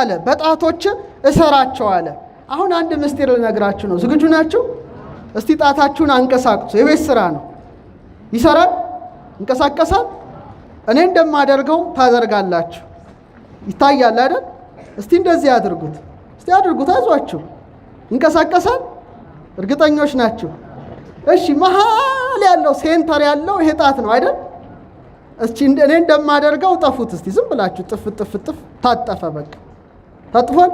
አለ። በጣቶች እሰራቸው አለ። አሁን አንድ ምስጢር ልነግራችሁ ነው። ዝግጁ ናችሁ? እስቲ ጣታችሁን አንቀሳቅሱ። የቤት ስራ ነው። ይሰራል፣ እንቀሳቀሳል። እኔ እንደማደርገው ታደርጋላችሁ። ይታያል አይደል? እስቲ እንደዚህ አድርጉት። እስቲ አድርጉት፣ አዟችሁ። እንቀሳቀሳል። እርግጠኞች ናችሁ? እሺ፣ መሀል ያለው ሴንተር ያለው ይሄ ጣት ነው አይደል? እኔ እንደማደርገው ጠፉት። እስቲ ዝም ብላችሁ ጥፍ ጥፍ ጥፍ ታጠፈ በቃ ታጥፏል።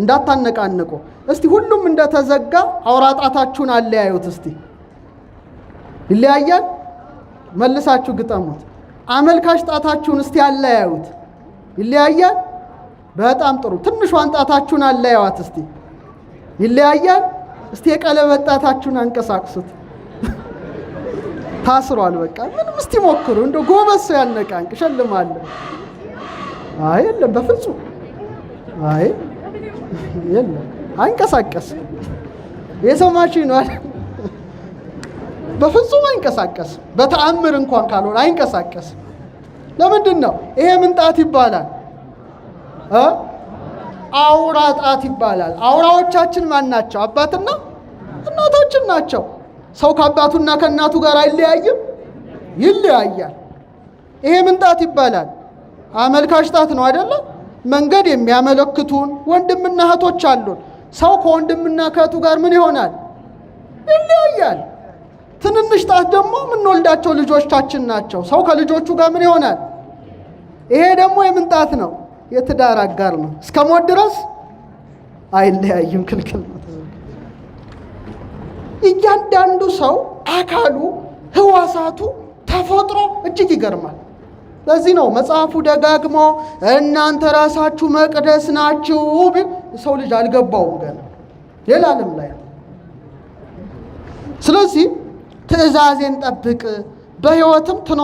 እንዳታነቃነቁ እስቲ። ሁሉም እንደተዘጋ አውራጣታችሁን አለያዩት እስቲ። ይለያያል። መልሳችሁ ግጠሙት። አመልካች ጣታችሁን እስቲ አለያዩት። ይለያያል። በጣም ጥሩ። ትንሿን ጣታችሁን አለያዋት እስቲ። ይለያያል። እስቲ የቀለበት ጣታችሁን አንቀሳቅሱት። ታስሯል። በቃ ምንም እስቲ ሞክሩ። እንደ ጎበዝ ሰው ያነቃንቅ ሸልማለሁ። አይ የለም በፍጹም አይ የለም አንቀሳቀስ የሰው ማሽን በፍጹም አይንቀሳቀስም። በተአምር እንኳን ካልሆነ አይንቀሳቀስ ለምንድን ነው ይሄ ምንጣት ይባላል? አውራ ጣት ይባላል። አውራዎቻችን ማን ናቸው? አባትና እናታችን ናቸው። ሰው ከአባቱና ከእናቱ ጋር አይለያይም? ይለያያል። ይሄ ምንጣት ይባላል። አመልካች ጣት ነው አይደለም? መንገድ የሚያመለክቱን ወንድምና እህቶች አሉን። ሰው ከወንድምና ከእህቱ ጋር ምን ይሆናል? ይለያያል። ትንንሽ ጣት ደግሞ የምንወልዳቸው ልጆቻችን ናቸው። ሰው ከልጆቹ ጋር ምን ይሆናል? ይሄ ደግሞ የምንጣት ነው፣ የትዳር አጋር ነው። እስከ ሞት ድረስ አይለያይም፣ ክልክል ነው። እያንዳንዱ ሰው አካሉ፣ ህዋሳቱ፣ ተፈጥሮ እጅግ ይገርማል። ለዚህ ነው መጽሐፉ ደጋግሞ እናንተ ራሳችሁ መቅደስ ናችሁ ቢል ሰው ልጅ አልገባውም ገና ሌላ ዓለም ላይ ስለዚህ ትእዛዜን ጠብቅ በህይወትም ትኖ